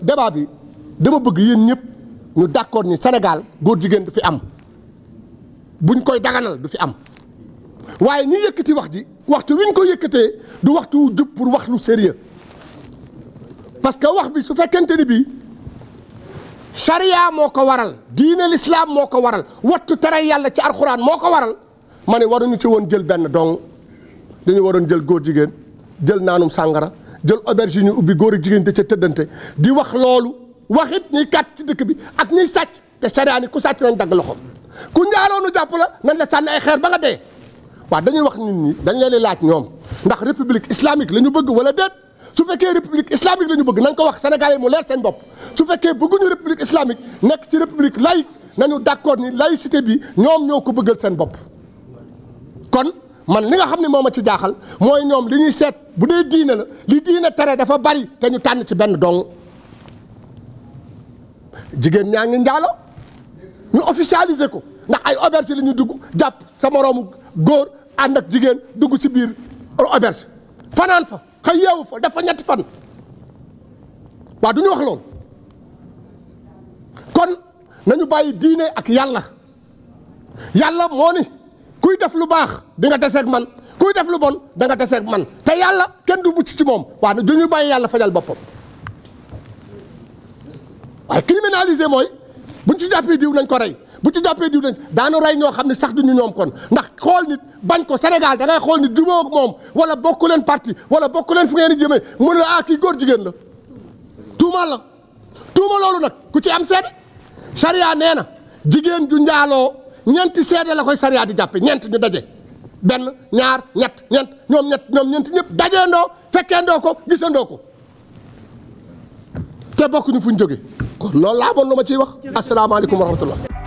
débat bi dama bëgg yéen ñëpp ñu d'accord ni Sénégal góor jigéen du fi am buñ koy daganal du fi am waaye ñu yëkkati wax ji waxtu wiñ ko yëkkatee du waxtu jub pour wax lu sérieux parce que wax bi su fekkente ni bi charia moo ko waral diine lislaam moo ko waral wattu tere yàlla ci alxuraan moo ko waral ma ne waruñu ci woon jël benn dong dañu waroon jël góor jigéen jël naanum sàngara jël aubergine ñu ubbi góor ak jigéen da ca tëddante di wax loolu waxit ñuy kàtt ci dëkk bi ak ñuy sàcc te charia ni ku sàcc nañ dagg loxo ku njaaloonu jàpp la nañ la sànni ay xeer ba nga dee waaw dañuy wax nit ñi dañ leen di laaj ñoom ndax république islamique la ñu bëgg wala déet su fekkee république islamique la ñu bëgg nañ ko wax sénégalais yi mu leer seen bopp su fekkee bëgguñu république islamique nekk ci république laïque nañu d'accord ni laïcité bi ñoom ñoo ko bëggal seen bopp man li nga xam ne moo ma ci jaaxal mooy ñoom li ñuy seet bu dee diine la li diine tere dafa bari te ñu tànn ci benn dong jigéen ñaa ngi njaalo ñu officialiser ko ndax ay auberge la ñu dugg jàpp sa moroomu góor ànd ak jigéen dugg ci biir auberge fanaan fa xëy yeewu fa dafa ñetti fan waa du ñu wax loolu kon nañu bàyyi diine ak yàlla yàlla moo ni kuy def lu baax di nga taseeg man kuy def lu bon da nga taseeg man te yàlla kenn du mucc ci moom waaw du ñu bàyyi yàlla fajal boppam waaye criminalisé mooy buñ ci jàppee diw nañ ko rey bu ci jàppee diw nañ daanu rey ñoo xam ne sax du ñu ñoom kon ndax xool nit bañ ko Sénégal dangay xool nit jubóo ak moom wala bokku leen parti wala bokku leen fu ngeen jëmee mu ne la ah, kii góor jigéen la tuumaal la tuuma loolu nag ku ci am seede charia nee na jigéen ju njaaloo ñeenti seede la koy sariya di jàppe ñeent ñu daje benn ñaar ñett ñeent ñoom ñett ñoom ñeent ñëpp dajeendoo fekkeendoo ko gisandoo ko te ñu fu ñu jóge kon loolu laa bon lu ma ciy wax asalaamaaleykum wa rahmatullah